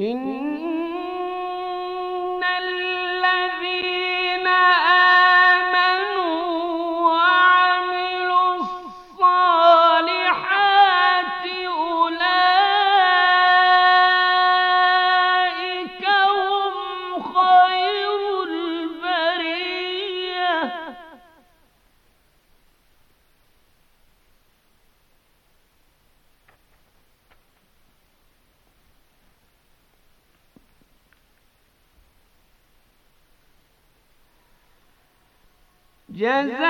إن 现在。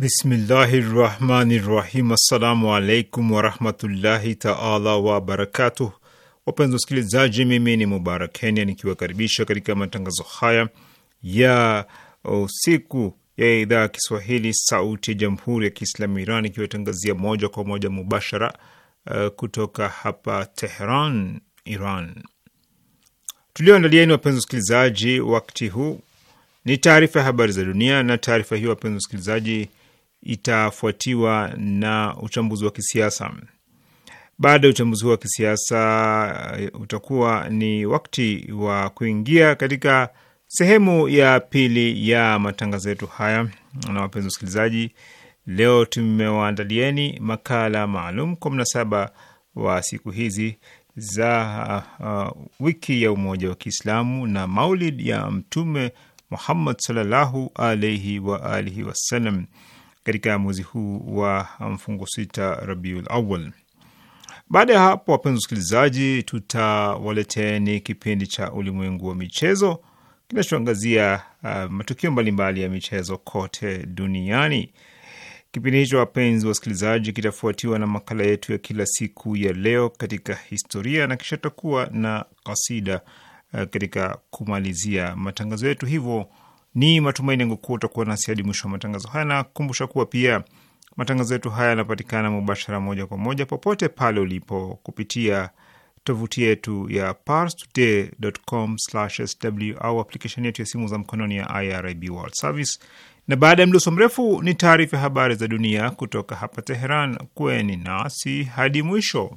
Bismillahi rahmani rahim. Assalamu alaikum warahmatullahi taala wabarakatuh. Wapenzi wasikilizaji, mimi ni Mubarak Kenya nikiwakaribisha katika matangazo haya ya usiku ya idhaa ya Kiswahili sauti ya jamhuri ya Kiislamu Iran ikiwatangazia moja kwa moja mubashara uh, kutoka hapa Tehran, Iran. Tulioandalieni wapenzi wasikilizaji, wakti huu ni taarifa ya habari za dunia, na taarifa hiyo wapenzi wasikilizaji itafuatiwa na uchambuzi wa kisiasa. Baada ya uchambuzi huu wa kisiasa, eh, utakuwa ni wakati wa kuingia katika sehemu ya pili ya matangazo yetu haya. Na wapenzi wasikilizaji, leo tumewaandalieni makala maalum kwa mnasaba wa siku hizi za uh, wiki ya umoja wa Kiislamu na maulid ya Mtume Muhammad sallallahu alaihi wa alihi wasallam katika mwezi huu wa mfungo sita Rabiul Awal. Baada ya hapo, wapenzi wasikilizaji, tutawaleteni kipindi cha ulimwengu wa michezo kinachoangazia uh, matukio mbalimbali ya michezo kote duniani. Kipindi hicho wapenzi wasikilizaji, kitafuatiwa na makala yetu ya kila siku ya leo katika historia, na kisha tutakuwa na kasida uh, katika kumalizia matangazo yetu. Hivyo ni matumaini yangu kuwa utakuwa nasi hadi mwisho wa matangazo haya, na kuwa pia matangazo yetu haya yanapatikana mubashara, moja kwa moja, popote pale ulipo kupitia tovuti yetu ya parstoday.com/sw au aplikesheni yetu ya simu za mkononi ya IRIB World Service. Na baada ya mdoso mrefu ni taarifa ya habari za dunia kutoka hapa Teheran. kweni nasi hadi mwisho.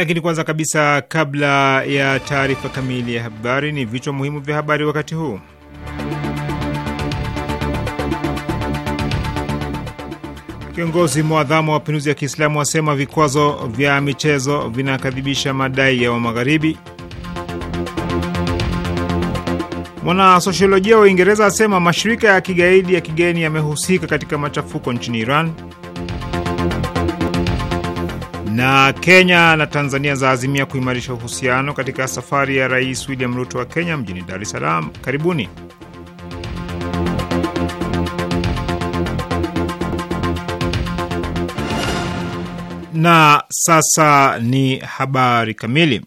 Lakini kwanza kabisa, kabla ya taarifa kamili ya habari, ni vichwa muhimu vya habari wakati huu. Kiongozi mwadhamu wa mapinduzi ya Kiislamu asema vikwazo vya michezo vinakadhibisha madai ya Wamagharibi. Mwanasosiolojia wa Uingereza asema mashirika ya kigaidi ya kigeni yamehusika katika machafuko nchini Iran na Kenya na Tanzania zaazimia kuimarisha uhusiano katika safari ya Rais William Ruto wa Kenya mjini Dar es Salaam. Karibuni. Na sasa ni habari kamili.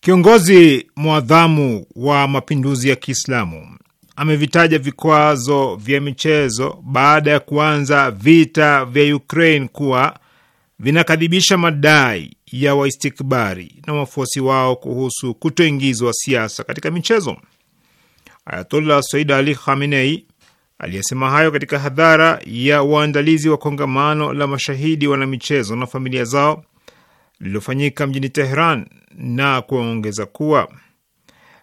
Kiongozi mwadhamu wa mapinduzi ya Kiislamu amevitaja vikwazo vya michezo baada ya kuanza vita vya Ukraine kuwa vinakadhibisha madai ya waistikbari na wafuasi wao kuhusu kutoingizwa siasa katika michezo. Ayatollah Said Ali Khamenei aliyesema hayo katika hadhara ya waandalizi wa kongamano la mashahidi wanamichezo na familia zao lililofanyika mjini Tehran na kuongeza kuwa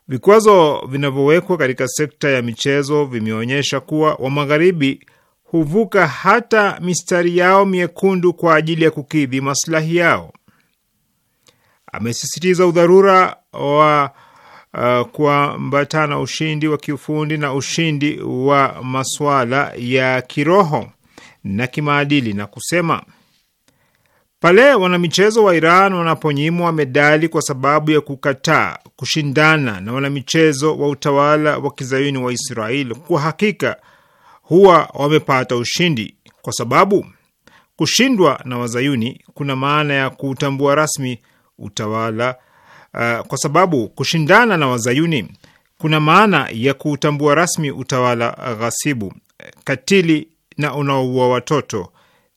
Vikwazo vinavyowekwa katika sekta ya michezo vimeonyesha kuwa wa magharibi huvuka hata mistari yao miekundu kwa ajili ya kukidhi maslahi yao. Amesisitiza udharura wa uh, kuambatana ushindi wa kiufundi na ushindi wa masuala ya kiroho na kimaadili na kusema pale wanamichezo wa Iran wanaponyimwa medali kwa sababu ya kukataa kushindana na wanamichezo wa utawala wa kizayuni wa Israeli, kwa hakika huwa wamepata ushindi, kwa sababu kushindwa na wazayuni kuna maana ya kutambua rasmi utawala uh, kwa sababu kushindana na wazayuni kuna maana ya kuutambua rasmi utawala uh, ghasibu, uh, katili na unaoua watoto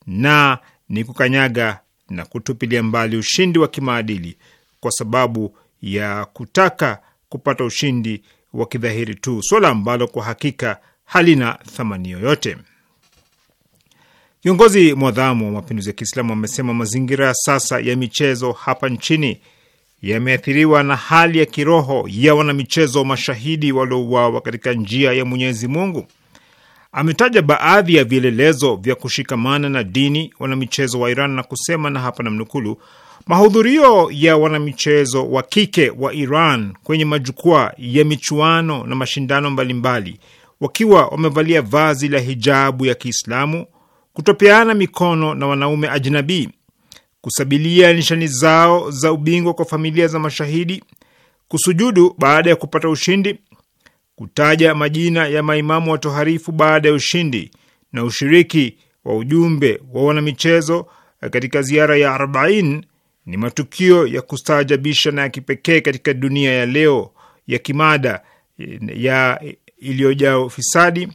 na ni kukanyaga na kutupilia mbali ushindi wa kimaadili kwa sababu ya kutaka kupata ushindi wa kidhahiri tu, suala ambalo kwa hakika halina thamani yoyote. Kiongozi mwadhamu wa mapinduzi ya Kiislamu amesema mazingira sasa ya michezo hapa nchini yameathiriwa na hali ya kiroho ya wanamichezo mashahidi waliouawa katika njia ya Mwenyezi Mungu. Ametaja baadhi ya vielelezo vya kushikamana na dini wanamichezo wa Iran na kusema, na hapa namnukulu, mahudhurio ya wanamichezo wa kike wa Iran kwenye majukwaa ya michuano na mashindano mbalimbali wakiwa wamevalia vazi la hijabu ya Kiislamu, kutopeana mikono na wanaume ajnabii, kusabilia nishani zao za ubingwa kwa familia za mashahidi, kusujudu baada ya kupata ushindi kutaja majina ya maimamu watoharifu baada ya ushindi na ushiriki wa ujumbe wa wanamichezo katika ziara ya 40 ni matukio ya kustaajabisha na ya kipekee katika dunia ya leo ya kimada ya iliyojaa ufisadi,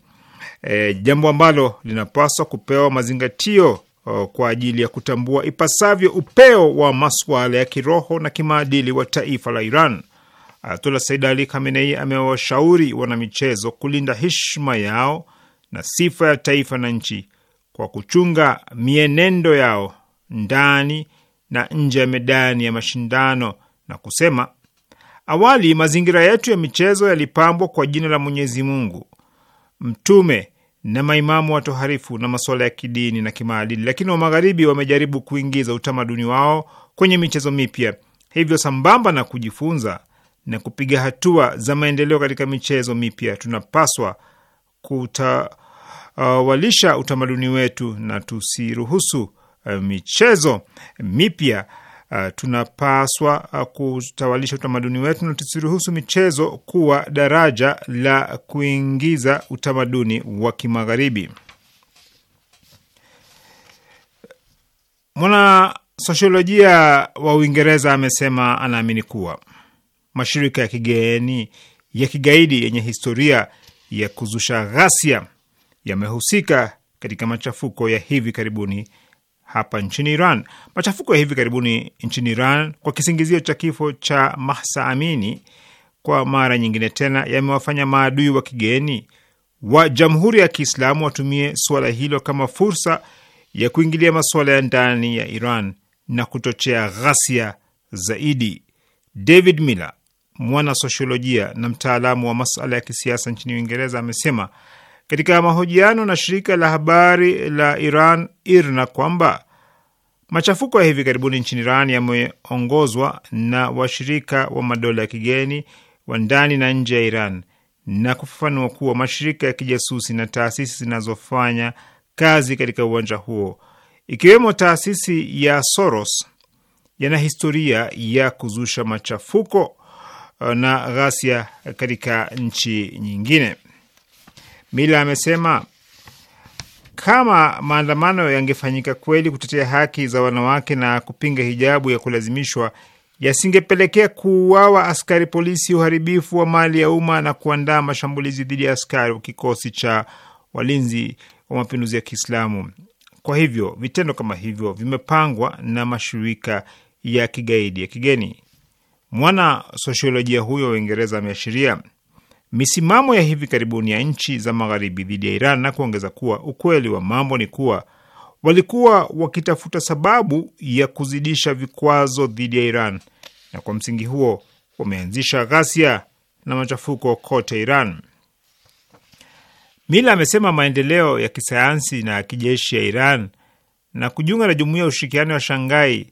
e, jambo ambalo linapaswa kupewa mazingatio o, kwa ajili ya kutambua ipasavyo upeo wa masuala ya kiroho na kimaadili wa taifa la Iran. Ayatullah Said Ali Khamenei amewashauri wanamichezo kulinda heshima yao na sifa ya taifa na nchi kwa kuchunga mienendo yao ndani na nje ya medani ya mashindano na kusema, awali mazingira yetu ya michezo yalipambwa kwa jina la Mwenyezi Mungu, mtume na maimamu watoharifu na masuala ya kidini na kimaadili, lakini wa Magharibi wamejaribu kuingiza utamaduni wao kwenye michezo mipya. Hivyo, sambamba na kujifunza na kupiga hatua za maendeleo katika michezo mipya, tunapaswa kutawalisha uh, utamaduni wetu na tusiruhusu uh, michezo mipya Uh, tunapaswa uh, kutawalisha utamaduni wetu na tusiruhusu michezo kuwa daraja la kuingiza utamaduni wa kimagharibi. Mwanasosiolojia wa Uingereza amesema anaamini kuwa mashirika ya kigeni ya kigaidi yenye historia ya kuzusha ghasia yamehusika katika machafuko ya hivi karibuni hapa nchini Iran. Machafuko ya hivi karibuni nchini Iran kwa kisingizio cha kifo cha Mahsa Amini kwa mara nyingine tena yamewafanya maadui wa kigeni wa Jamhuri ya Kiislamu watumie suala hilo kama fursa ya kuingilia masuala ya ndani ya Iran na kuchochea ghasia zaidi. David Miller, mwanasosiolojia na mtaalamu wa masala ya kisiasa nchini Uingereza amesema katika mahojiano na shirika la habari la Iran IRNA kwamba machafuko ya hivi karibuni nchini Iran yameongozwa na washirika wa madola ya kigeni wa ndani na nje ya Iran na kufafanua kuwa mashirika ya kijasusi na taasisi zinazofanya kazi katika uwanja huo ikiwemo taasisi ya Soros yana historia ya kuzusha machafuko Eh, na ghasia katika nchi nyingine. Mila amesema kama maandamano yangefanyika kweli kutetea haki za wanawake na kupinga hijabu ya kulazimishwa, yasingepelekea kuuawa askari polisi, uharibifu wa mali ya umma na kuandaa mashambulizi dhidi ya askari wa kikosi cha walinzi wa mapinduzi ya Kiislamu. Kwa hivyo vitendo kama hivyo vimepangwa na mashirika ya kigaidi ya kigeni. Mwana sosiolojia huyo wa Uingereza ameashiria misimamo ya hivi karibuni ya nchi za magharibi dhidi ya Iran na kuongeza kuwa ukweli wa mambo ni kuwa walikuwa wakitafuta sababu ya kuzidisha vikwazo dhidi ya Iran na kwa msingi huo wameanzisha ghasia na machafuko kote Iran. Mila amesema maendeleo ya kisayansi na kijeshi ya Iran na kujiunga na jumuiya ya ushirikiano wa shangai e,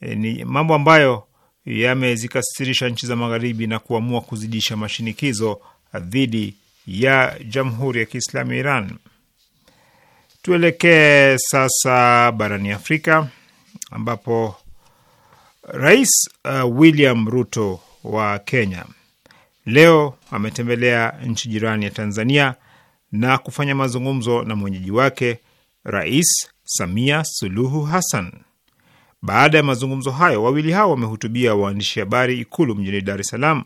eh, ni mambo ambayo yamezikasirisha nchi za magharibi na kuamua kuzidisha mashinikizo dhidi ya Jamhuri ya Kiislamu ya Iran. Tuelekee sasa barani Afrika ambapo Rais uh, William Ruto wa Kenya leo ametembelea nchi jirani ya Tanzania na kufanya mazungumzo na mwenyeji wake Rais Samia Suluhu Hassan. Baada ya mazungumzo hayo, wawili hao wamehutubia waandishi habari Ikulu mjini Dar es Salaam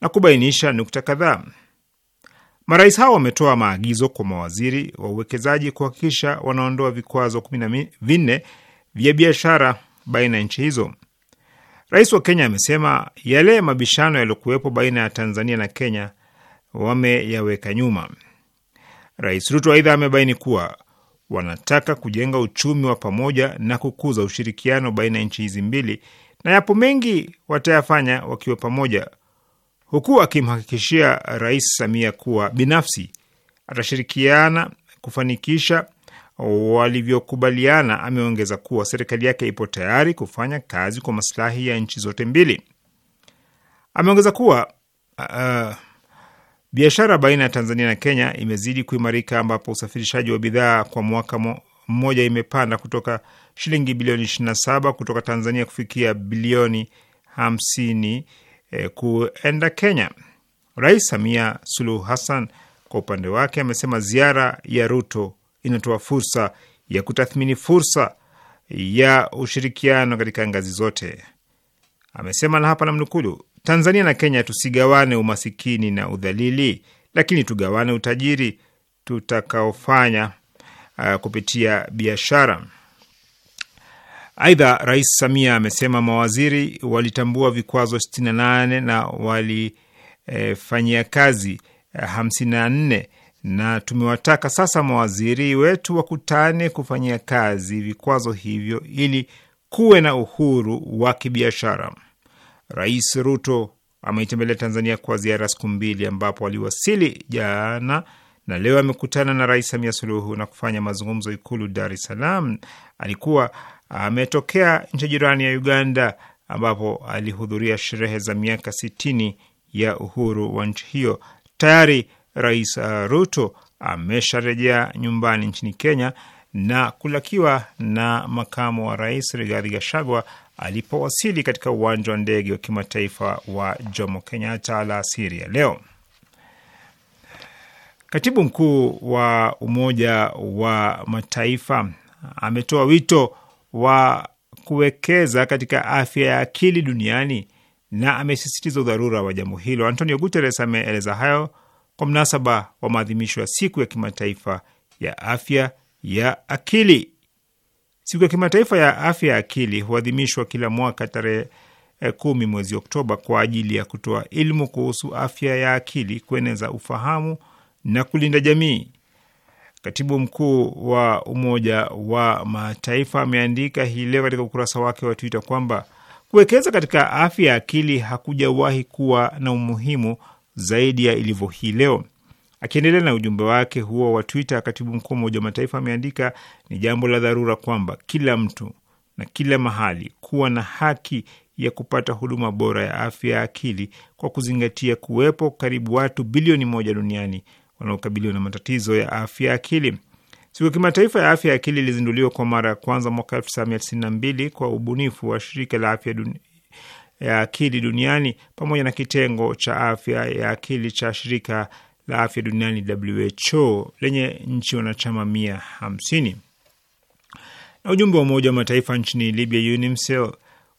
na kubainisha nukta kadhaa. Marais hao wametoa maagizo kwa mawaziri wa uwekezaji kuhakikisha wanaondoa vikwazo kumi na vinne vya biashara baina ya nchi hizo. Rais wa Kenya amesema yale mabishano yaliyokuwepo baina ya Tanzania na Kenya wameyaweka nyuma. Rais Ruto aidha amebaini kuwa wanataka kujenga uchumi wa pamoja na kukuza ushirikiano baina ya nchi hizi mbili, na yapo mengi watayafanya wakiwa pamoja, huku akimhakikishia Rais Samia kuwa binafsi atashirikiana kufanikisha walivyokubaliana. Ameongeza kuwa serikali yake ipo tayari kufanya kazi kwa masilahi ya nchi zote mbili. Ameongeza kuwa uh, uh Biashara baina ya Tanzania na Kenya imezidi kuimarika ambapo usafirishaji wa bidhaa kwa mwaka mmoja imepanda kutoka shilingi bilioni 27 kutoka Tanzania kufikia bilioni 50 eh, kuenda Kenya. Rais Samia Suluhu Hassan kwa upande wake amesema ziara ya Ruto inatoa fursa ya kutathmini fursa ya ushirikiano katika ngazi zote. Amesema na hapa namnukuu, Tanzania na Kenya tusigawane umasikini na udhalili, lakini tugawane utajiri tutakaofanya uh, kupitia biashara. Aidha, Rais Samia amesema mawaziri walitambua vikwazo 68 na walifanyia e, kazi 54 eh, na tumewataka sasa mawaziri wetu wakutane kufanyia kazi vikwazo hivyo ili kuwe na uhuru wa kibiashara. Rais Ruto ameitembelea Tanzania kwa ziara siku mbili, ambapo aliwasili jana na leo amekutana na Rais Samia Suluhu na kufanya mazungumzo Ikulu Dar es Salaam. Alikuwa ametokea nchi jirani ya Uganda, ambapo alihudhuria sherehe za miaka sitini ya uhuru wa nchi hiyo. Tayari Rais uh, Ruto amesharejea nyumbani nchini Kenya na kulakiwa na makamu wa rais Rigathi Gachagua alipowasili katika uwanja wa ndege wa kimataifa wa Jomo Kenyatta alasiri ya leo. Katibu mkuu wa Umoja wa Mataifa ametoa wito wa kuwekeza katika afya ya akili duniani na amesisitiza udharura wa jambo hilo. Antonio Guterres ameeleza hayo kwa mnasaba wa maadhimisho ya siku ya kimataifa ya afya ya akili. Siku ya kimataifa ya afya ya akili huadhimishwa kila mwaka tarehe eh, kumi mwezi Oktoba kwa ajili ya kutoa elimu kuhusu afya ya akili, kueneza ufahamu na kulinda jamii. Katibu mkuu wa Umoja wa Mataifa ameandika hii leo katika ukurasa wake wa Twitter kwamba kuwekeza katika afya ya akili hakujawahi kuwa na umuhimu zaidi ya ilivyo hii leo. Akiendelea na ujumbe wake huo wa Twitter, katibu mkuu wa Umoja wa Mataifa ameandika ni jambo la dharura kwamba kila mtu na kila mahali kuwa na haki ya kupata huduma bora ya afya ya akili kwa kuzingatia kuwepo karibu watu bilioni moja duniani wanaokabiliwa na matatizo ya afya ya akili. Siku ya kimataifa ya afya ya akili ilizinduliwa kwa mara ya kwanza mwaka 1992 kwa ubunifu wa shirika la afya duni ya akili duniani pamoja na kitengo cha afya ya akili cha shirika la afya duniani WHO lenye nchi wanachama mia hamsini na ujumbe wa Umoja wa Mataifa nchini Libya UNIMSEL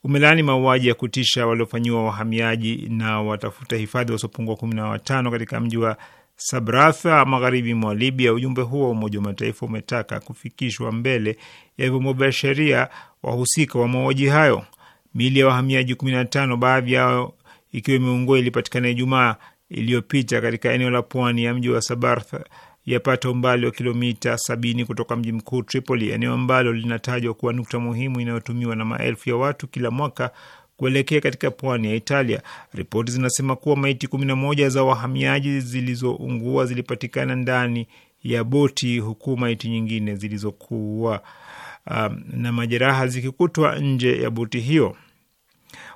umelaani mauaji ya kutisha waliofanyiwa wahamiaji na watafuta hifadhi wasiopungua kumi na watano katika mji wa Sabratha magharibi mwa Libya. Ujumbe huo wa Umoja wa Mataifa umetaka kufikishwa mbele ya vyombo vya sheria wahusika wa mauaji hayo. Miili ya wahamiaji tano, baadhi yao ikiwa imeungua ilipatikana Ijumaa iliyopita katika eneo la pwani ya mji wa Sabarth yapata umbali wa kilomita sabini kutoka mji mkuu Tripoli, eneo ambalo linatajwa kuwa nukta muhimu inayotumiwa na maelfu ya watu kila mwaka kuelekea katika pwani ya Italia. Ripoti zinasema kuwa maiti kumi na moja za wahamiaji zilizoungua zilipatikana ndani ya boti, huku maiti nyingine zilizokuwa um, na majeraha zikikutwa nje ya boti hiyo.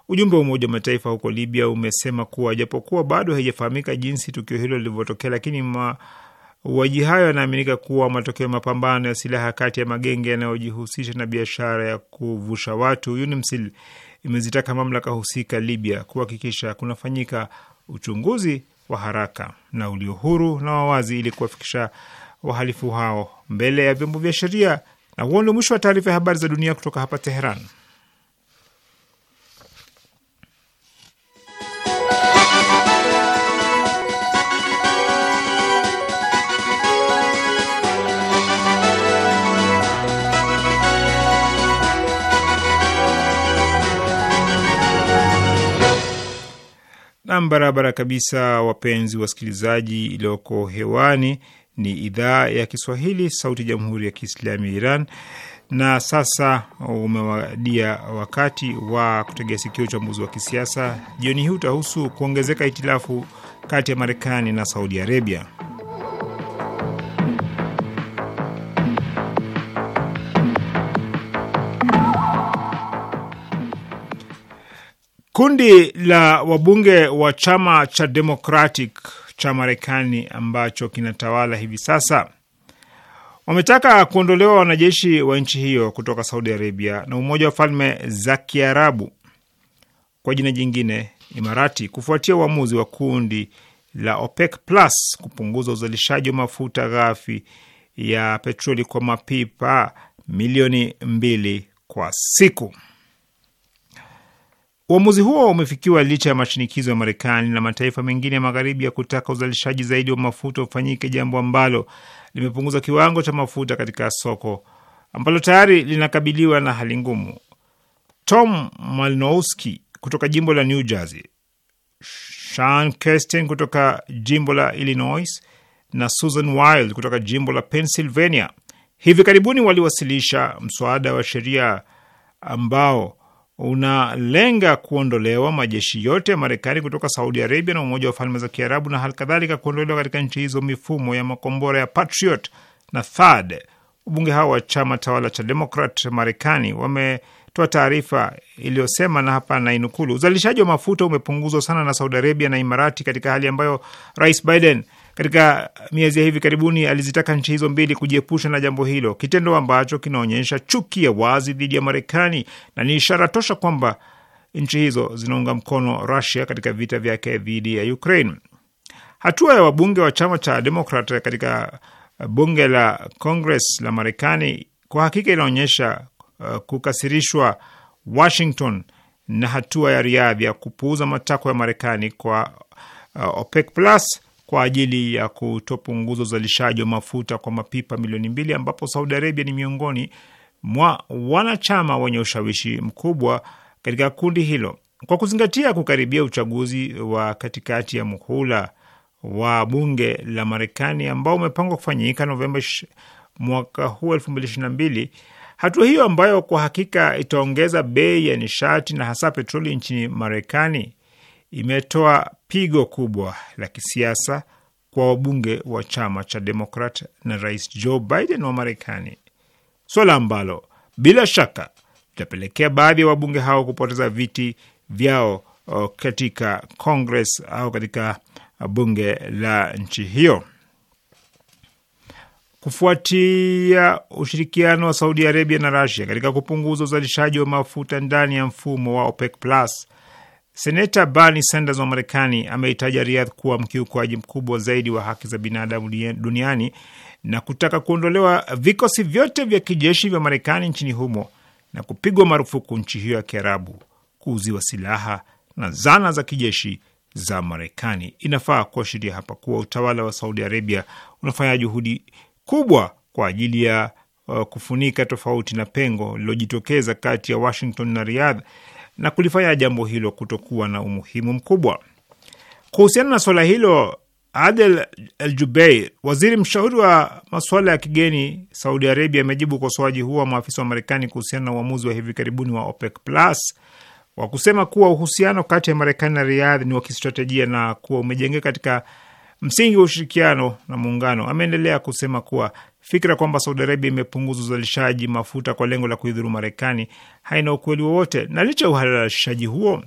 Ujumbe wa Umoja wa Mataifa huko Libya umesema kuwa japokuwa bado haijafahamika jinsi tukio hilo lilivyotokea, lakini mauaji hayo yanaaminika kuwa matokeo ya mapambano ya silaha kati ya magenge yanayojihusisha na biashara ya kuvusha watu. UNMISL imezitaka mamlaka husika Libya kuhakikisha kunafanyika uchunguzi wa haraka na ulio huru na wawazi ili kuwafikisha wahalifu hao mbele ya vyombo vya sheria. Na huo ndio mwisho wa taarifa ya habari za dunia kutoka hapa Teheran. Nam, barabara kabisa, wapenzi wasikilizaji, iliyoko hewani ni idhaa ya Kiswahili, sauti ya jamhuri ya kiislami ya Iran. Na sasa umewadia wakati wa kutegea sikio uchambuzi wa kisiasa jioni hii. Utahusu kuongezeka itilafu kati ya Marekani na Saudi Arabia. Kundi la wabunge wa chama cha Democratic cha Marekani ambacho kinatawala hivi sasa wametaka kuondolewa wanajeshi wa nchi hiyo kutoka Saudi Arabia na Umoja wa Falme za Kiarabu, kwa jina jingine Imarati, kufuatia uamuzi wa kundi la OPEC Plus kupunguza uzalishaji wa mafuta ghafi ya petroli kwa mapipa milioni mbili kwa siku. Uamuzi huo umefikiwa licha ya mashinikizo ya Marekani na mataifa mengine ya magharibi ya kutaka uzalishaji zaidi wa mafuta ufanyike, jambo ambalo limepunguza kiwango cha mafuta katika soko ambalo tayari linakabiliwa na hali ngumu. Tom malnowski kutoka jimbo la New Jersey, Sean Kesten kutoka jimbo la Illinois na Susan Wild kutoka jimbo la Pennsylvania hivi karibuni waliwasilisha mswada wa sheria ambao unalenga kuondolewa majeshi yote ya Marekani kutoka Saudi Arabia na Umoja wa Falme za Kiarabu na halikadhalika kuondolewa katika nchi hizo mifumo ya makombora ya Patriot na THAD. Wabunge hao wa chama tawala cha Demokrat Marekani wametoa taarifa iliyosema, na hapa nainukulu, uzalishaji wa mafuta umepunguzwa sana na Saudi Arabia na Imarati katika hali ambayo Rais Biden katika miezi ya hivi karibuni alizitaka nchi hizo mbili kujiepusha na jambo hilo, kitendo ambacho kinaonyesha chuki ya wazi dhidi ya Marekani na ni ishara tosha kwamba nchi hizo zinaunga mkono Rusia katika vita vyake dhidi ya Ukraine. Hatua ya wabunge wa chama cha Demokrat katika uh, bunge la Congress la Marekani kwa hakika inaonyesha uh, kukasirishwa Washington na hatua ya Riyadh ya kupuuza matakwa ya Marekani kwa uh, OPEC plus kwa ajili ya kutopunguza uzalishaji wa mafuta kwa mapipa milioni mbili ambapo Saudi Arabia ni miongoni mwa wanachama wenye ushawishi mkubwa katika kundi hilo. Kwa kuzingatia kukaribia uchaguzi wa katikati ya muhula wa bunge la Marekani ambao umepangwa kufanyika Novemba mwaka huu mbili, hatua hiyo ambayo kwa hakika itaongeza bei ya nishati na hasa petroli nchini Marekani imetoa pigo kubwa la kisiasa kwa wabunge wa chama cha Demokrat na Rais Joe Biden wa Marekani, swala ambalo bila shaka litapelekea baadhi ya wabunge hao kupoteza viti vyao katika Congress au katika bunge la nchi hiyo. Kufuatia ushirikiano wa Saudi Arabia na rasia katika kupunguza uzalishaji wa mafuta ndani ya mfumo wa OPEC Plus, Seneta Bernie Sanders wa Marekani ameitaja Riyadh kuwa mkiukwaji mkubwa zaidi wa haki za binadamu duniani na kutaka kuondolewa vikosi vyote vya kijeshi vya Marekani nchini humo na kupigwa marufuku nchi hiyo ya Kiarabu kuuziwa silaha na zana za kijeshi za Marekani. Inafaa kuashiria hapa kuwa utawala wa Saudi Arabia unafanya juhudi kubwa kwa ajili ya uh, kufunika tofauti na pengo lililojitokeza kati ya Washington na Riyadh na kulifanya jambo hilo kutokuwa na umuhimu mkubwa. Kuhusiana na suala hilo, Adel Al Jubeir, waziri mshauri wa masuala ya kigeni Saudi Arabia, amejibu ukosoaji huo wa maafisa wa Marekani kuhusiana na uamuzi wa hivi karibuni wa OPEC Plus wa kusema kuwa uhusiano kati ya Marekani na Riyadh ni wa kistratejia na kuwa umejengeka katika msingi wa ushirikiano na muungano. Ameendelea kusema kuwa Fikra kwamba Saudi Arabia imepunguza uzalishaji mafuta kwa lengo la kuidhuru Marekani haina ukweli wowote, na licha ya uhalalishaji huo,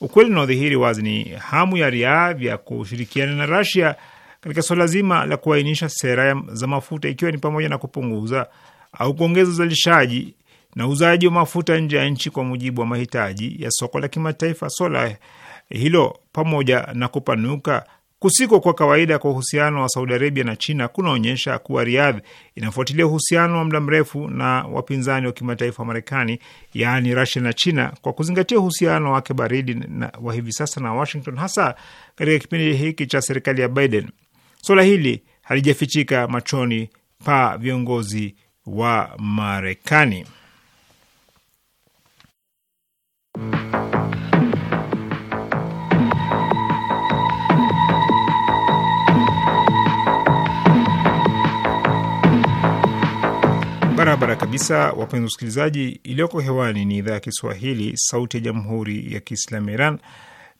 ukweli unaodhihiri wazi ni hamu ya Riadh ya kushirikiana na Rasia katika suala zima la kuainisha sera za mafuta, ikiwa ni pamoja na kupunguza au kuongeza uzalishaji na uuzaji wa mafuta nje ya nchi kwa mujibu wa mahitaji ya soko la kimataifa. Swala hilo pamoja na kupanuka Kusiko kwa kawaida kwa uhusiano wa Saudi Arabia na China kunaonyesha kuwa Riyadh inafuatilia uhusiano wa muda mrefu na wapinzani wa kimataifa wa Marekani, yaani Rusia na China, kwa kuzingatia uhusiano wake baridi wa hivi sasa na Washington, hasa katika kipindi hiki cha serikali ya Biden. Suala hili halijafichika machoni pa viongozi wa Marekani. Barabara kabisa, wapenzi wasikilizaji, iliyoko hewani ni idhaa ya Kiswahili, Sauti ya Jamhuri ya Kiislamu Iran.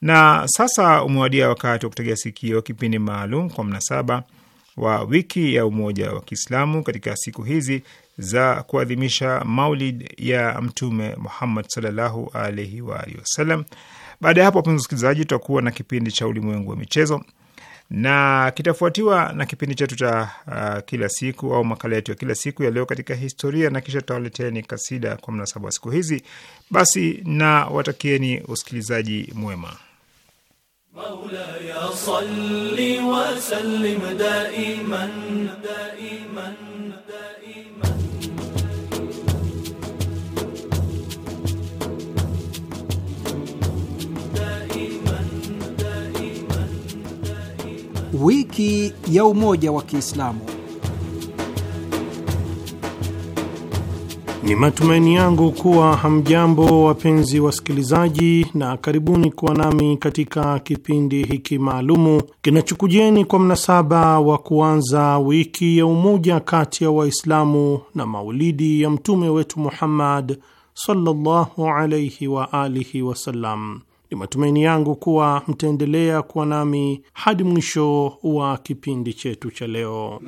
Na sasa umewadia wakati wa kutegea sikio kipindi maalum kwa mnasaba wa wiki ya umoja wa Kiislamu katika siku hizi za kuadhimisha Maulid ya Mtume Muhammad sallallahu alaihi wa alihi wasallam. Baada ya hapo, wapenzi wasikilizaji, tutakuwa na kipindi cha ulimwengu wa michezo na kitafuatiwa na kipindi chetu cha uh, kila siku au makala yetu ya kila siku ya leo katika historia, na kisha tutawaleteni kasida kwa mnasaba wa siku hizi. Basi na watakieni usikilizaji mwema. salli wa sallim daiman, daiman. wiki ya umoja wa Kiislamu. Ni matumaini yangu kuwa hamjambo wapenzi wasikilizaji, na karibuni kuwa nami katika kipindi hiki maalumu kinachokujeni kwa mnasaba wa kuanza wiki ya umoja kati ya Waislamu na maulidi ya mtume wetu Muhammad sallallahu alaihi wa alihi wasallam. Ni matumaini yangu kuwa mtaendelea kuwa nami hadi mwisho wa kipindi chetu cha leo.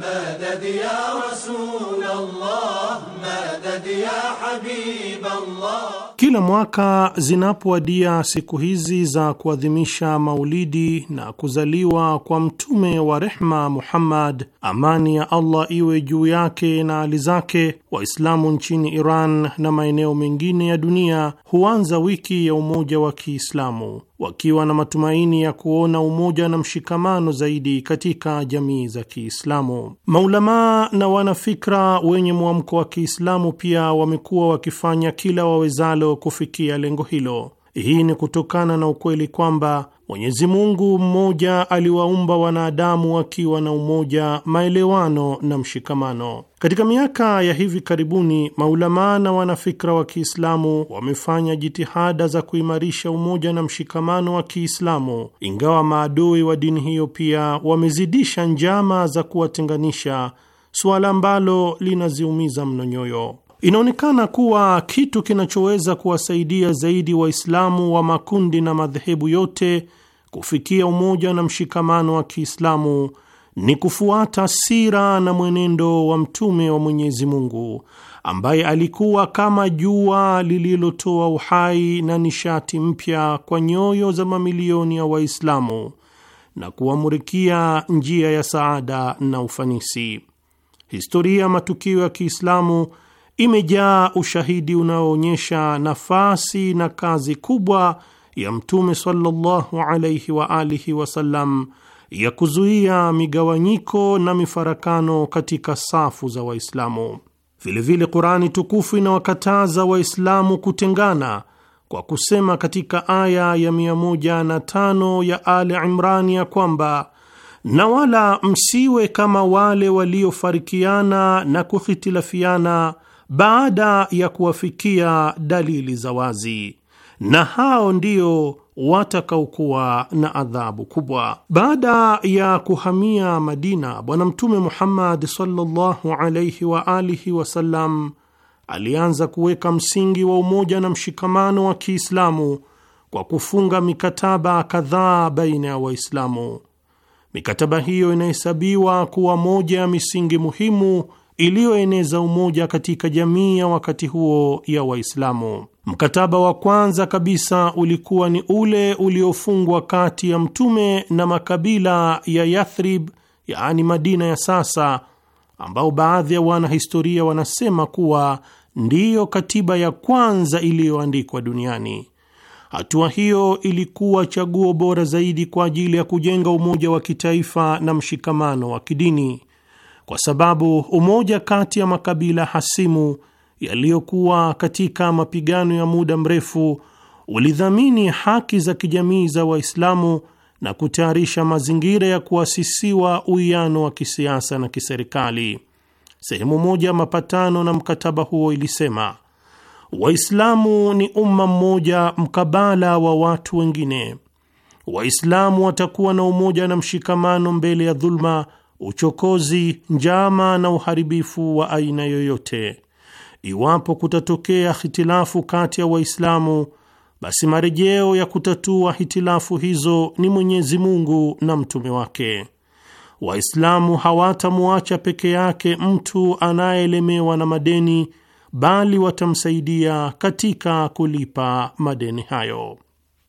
Habiballah. Kila mwaka zinapoadia siku hizi za kuadhimisha maulidi na kuzaliwa kwa mtume wa rehma Muhammad, amani ya Allah iwe juu yake na ali zake, Waislamu nchini Iran na maeneo mengine ya dunia huanza wiki ya umoja wa Kiislamu wakiwa na matumaini ya kuona umoja na mshikamano zaidi katika jamii za Kiislamu. Maulamaa na wanafikra wenye mwamko wa Kiislamu pia wamekuwa wakifanya kila wawezalo kufikia lengo hilo. Hii ni kutokana na ukweli kwamba Mwenyezi Mungu mmoja aliwaumba wanadamu wakiwa na umoja, maelewano na mshikamano. Katika miaka ya hivi karibuni, maulamaa na wanafikra wa Kiislamu wamefanya jitihada za kuimarisha umoja na mshikamano wa Kiislamu, ingawa maadui wa dini hiyo pia wamezidisha njama za kuwatenganisha, suala ambalo linaziumiza mno nyoyo. Inaonekana kuwa kitu kinachoweza kuwasaidia zaidi Waislamu wa makundi na madhehebu yote Kufikia umoja na mshikamano wa Kiislamu ni kufuata sira na mwenendo wa Mtume wa Mwenyezi Mungu ambaye alikuwa kama jua lililotoa uhai na nishati mpya kwa nyoyo za mamilioni ya Waislamu na kuwamurikia njia ya saada na ufanisi. Historia ya matukio ya Kiislamu imejaa ushahidi unaoonyesha nafasi na kazi kubwa ya Mtume sallallahu alayhi wa alihi wasallam ya kuzuia migawanyiko na mifarakano katika safu za Waislamu. Vilevile, Qurani tukufu inawakataza Waislamu kutengana kwa kusema katika aya ya 105 ya Ali Imrani ya kwamba na wala msiwe kama wale waliofarikiana na kuhitilafiana baada ya kuwafikia dalili za wazi na hao ndio watakaokuwa na adhabu kubwa. Baada ya kuhamia Madina, Bwana Mtume Muhammad sallallahu wa alihi wasallam alianza kuweka msingi wa umoja na mshikamano wa Kiislamu kwa kufunga mikataba kadhaa baina ya Waislamu. Mikataba hiyo inahesabiwa kuwa moja ya misingi muhimu iliyoeneza umoja katika jamii ya wakati huo ya Waislamu. Mkataba wa kwanza kabisa ulikuwa ni ule uliofungwa kati ya mtume na makabila ya Yathrib, yaani Madina ya sasa, ambao baadhi ya wanahistoria wanasema kuwa ndiyo katiba ya kwanza iliyoandikwa duniani. Hatua hiyo ilikuwa chaguo bora zaidi kwa ajili ya kujenga umoja wa kitaifa na mshikamano wa kidini, kwa sababu umoja kati ya makabila hasimu yaliyokuwa katika mapigano ya muda mrefu ulidhamini haki za kijamii za Waislamu na kutayarisha mazingira ya kuasisiwa uwiano wa kisiasa na kiserikali. Sehemu moja ya mapatano na mkataba huo ilisema, Waislamu ni umma mmoja mkabala wa watu wengine. Waislamu watakuwa na umoja na mshikamano mbele ya dhuluma, uchokozi, njama na uharibifu wa aina yoyote. Iwapo kutatokea hitilafu kati ya Waislamu, basi marejeo ya kutatua hitilafu hizo ni Mwenyezi Mungu na mtume wake. Waislamu hawatamwacha peke yake mtu anayeelemewa na madeni, bali watamsaidia katika kulipa madeni hayo.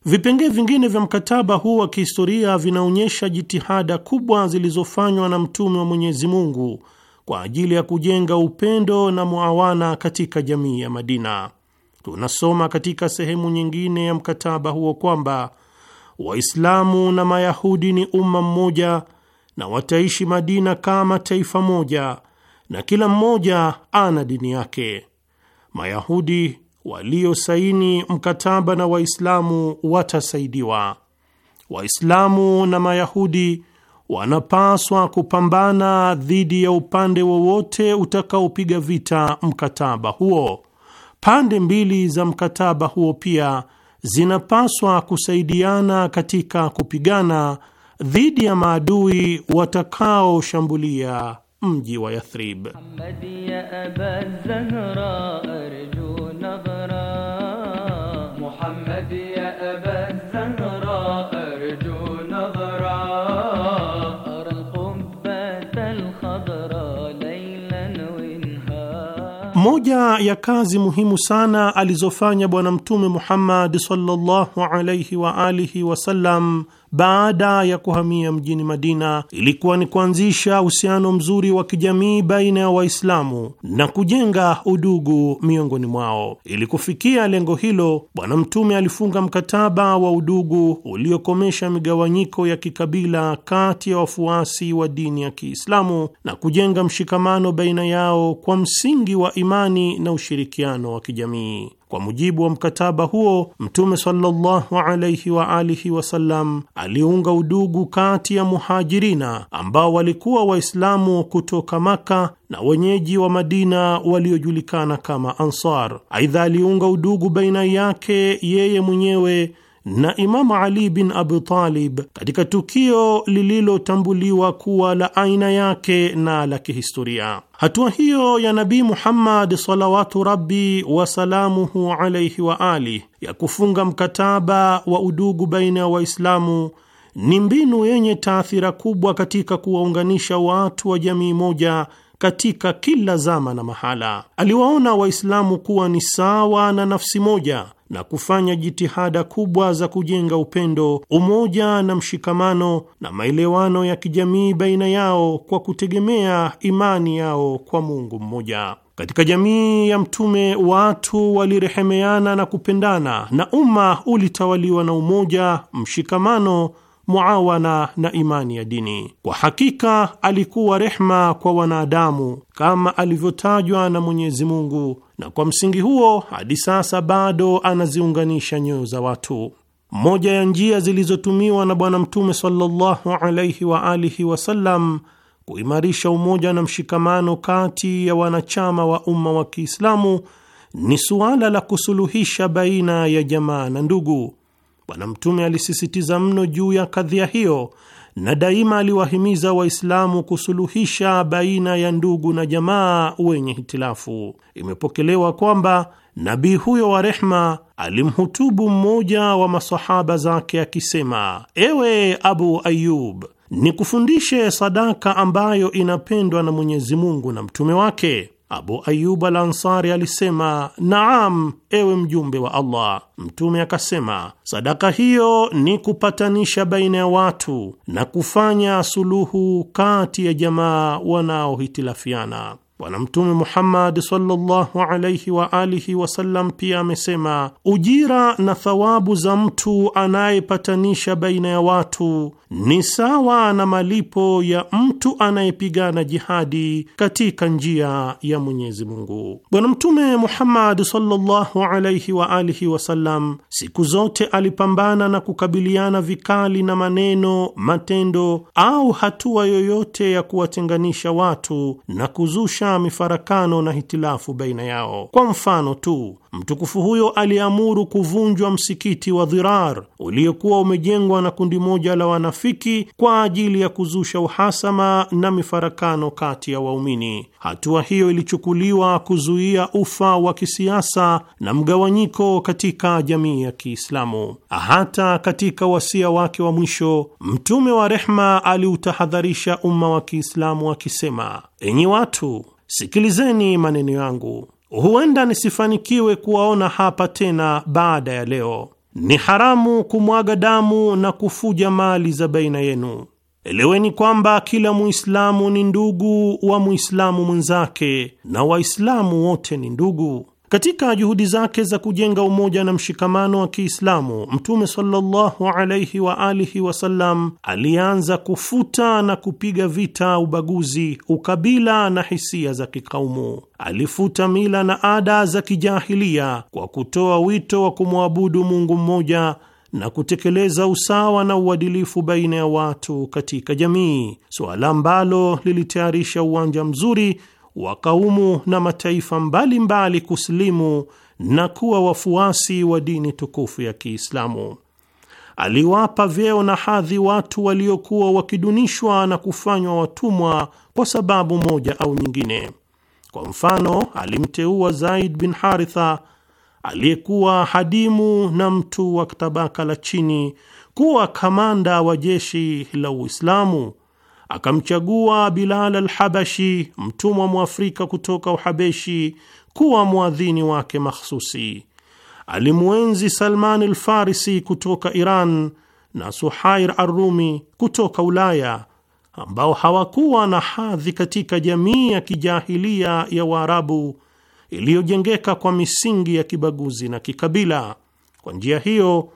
Vipengee vingine vya mkataba huu wa kihistoria vinaonyesha jitihada kubwa zilizofanywa na mtume wa Mwenyezi Mungu kwa ajili ya kujenga upendo na muawana katika jamii ya Madina. Tunasoma katika sehemu nyingine ya mkataba huo kwamba Waislamu na Mayahudi ni umma mmoja na wataishi Madina kama taifa moja, na kila mmoja ana dini yake. Mayahudi waliosaini mkataba na Waislamu watasaidiwa. Waislamu na Mayahudi wanapaswa kupambana dhidi ya upande wowote utakaopiga vita mkataba huo. Pande mbili za mkataba huo pia zinapaswa kusaidiana katika kupigana dhidi ya maadui watakaoshambulia mji wa Yathrib. Moja ya kazi muhimu sana alizofanya Bwana Mtume Muhammad sallallahu alayhi wa alihi wasallam baada ya kuhamia mjini Madina ilikuwa ni kuanzisha uhusiano mzuri wa kijamii baina ya Waislamu na kujenga udugu miongoni mwao. Ili kufikia lengo hilo, Bwana Mtume alifunga mkataba wa udugu uliokomesha migawanyiko ya kikabila kati ya wafuasi wa dini ya Kiislamu na kujenga mshikamano baina yao kwa msingi wa imani na ushirikiano wa kijamii. Kwa mujibu wa mkataba huo, Mtume sallallahu alayhi wa alihi wasallam aliunga udugu kati ya Muhajirina ambao walikuwa Waislamu kutoka Maka na wenyeji wa Madina waliojulikana kama Ansar. Aidha, aliunga udugu baina yake yeye mwenyewe na Imamu Ali bin Abi Talib katika tukio lililotambuliwa kuwa la aina yake na la kihistoria. Hatua hiyo ya nabi Muhammad salawatu rabbi wasalamuhu alaihi wa ali ya kufunga mkataba wa udugu baina ya Waislamu ni mbinu yenye taathira kubwa katika kuwaunganisha watu wa jamii moja katika kila zama na mahala. Aliwaona Waislamu kuwa ni sawa na nafsi moja na kufanya jitihada kubwa za kujenga upendo, umoja na mshikamano na maelewano ya kijamii baina yao kwa kutegemea imani yao kwa Mungu mmoja. Katika jamii ya Mtume watu walirehemeana na kupendana, na umma ulitawaliwa na umoja, mshikamano, muawana na imani ya dini. Kwa hakika alikuwa rehma kwa wanadamu kama alivyotajwa na Mwenyezi Mungu na kwa msingi huo hadi sasa bado anaziunganisha nyoyo za watu. Moja ya njia zilizotumiwa na Bwana Mtume sallallahu alaihi wa alihi wasallam kuimarisha umoja na mshikamano kati ya wanachama wa umma wa Kiislamu ni suala la kusuluhisha baina ya jamaa na ndugu. Bwana Mtume alisisitiza mno juu ya kadhia hiyo na daima aliwahimiza Waislamu kusuluhisha baina ya ndugu na jamaa wenye hitilafu. Imepokelewa kwamba nabii huyo wa rehma alimhutubu mmoja wa masahaba zake akisema, ewe Abu Ayub, nikufundishe sadaka ambayo inapendwa na Mwenyezi Mungu na mtume wake Abu Ayub al Ansari alisema, naam, ewe mjumbe wa Allah. Mtume akasema, sadaka hiyo ni kupatanisha baina ya watu na kufanya suluhu kati ya jamaa wanaohitilafiana. Bwana Mtume Muhammad sallallahu wa alihi wasallam pia amesema, ujira na thawabu za mtu anayepatanisha baina ya watu ni sawa na malipo ya mtu anayepigana jihadi katika njia ya Mwenyezi Mungu. Bwana Mtume Muhammad sallallahu wa alihi wasallam siku zote alipambana na kukabiliana vikali na maneno, matendo au hatua yoyote ya kuwatenganisha watu na kuzusha kukataa mifarakano na hitilafu baina yao. Kwa mfano tu, mtukufu huyo aliamuru kuvunjwa msikiti wa Dhirar uliokuwa umejengwa na kundi moja la wanafiki kwa ajili ya kuzusha uhasama na mifarakano kati ya waumini. Hatua hiyo ilichukuliwa kuzuia ufa wa kisiasa na mgawanyiko katika jamii ya Kiislamu. Hata katika wasia wake wa mwisho, mtume wa rehma aliutahadharisha umma wa Kiislamu akisema: enyi watu Sikilizeni maneno yangu, huenda nisifanikiwe kuwaona hapa tena baada ya leo. Ni haramu kumwaga damu na kufuja mali za baina yenu. Eleweni kwamba kila Muislamu ni ndugu wa Muislamu mwenzake na Waislamu wote ni ndugu. Katika juhudi zake za kujenga umoja na mshikamano wa Kiislamu, Mtume sallallahu alaihi wa alihi wasallam alianza kufuta na kupiga vita ubaguzi, ukabila na hisia za kikaumu. Alifuta mila na ada za kijahilia kwa kutoa wito wa kumwabudu Mungu mmoja na kutekeleza usawa na uadilifu baina ya watu katika jamii, suala ambalo lilitayarisha uwanja mzuri wa kaumu na mataifa mbalimbali mbali kusilimu na kuwa wafuasi wa dini tukufu ya Kiislamu. Aliwapa vyeo na hadhi watu waliokuwa wakidunishwa na kufanywa watumwa kwa sababu moja au nyingine. Kwa mfano, alimteua Zaid bin Haritha aliyekuwa hadimu na mtu wa tabaka la chini kuwa kamanda wa jeshi la Uislamu akamchagua Bilal al-Habashi, mtumwa Mwafrika kutoka Uhabeshi, kuwa mwadhini wake mahsusi. Alimwenzi Salman al-Farisi kutoka Iran na Suhair ar-Rumi kutoka Ulaya ambao hawakuwa na hadhi katika jamii ya kijahilia ya Waarabu iliyojengeka kwa misingi ya kibaguzi na kikabila. Kwa njia hiyo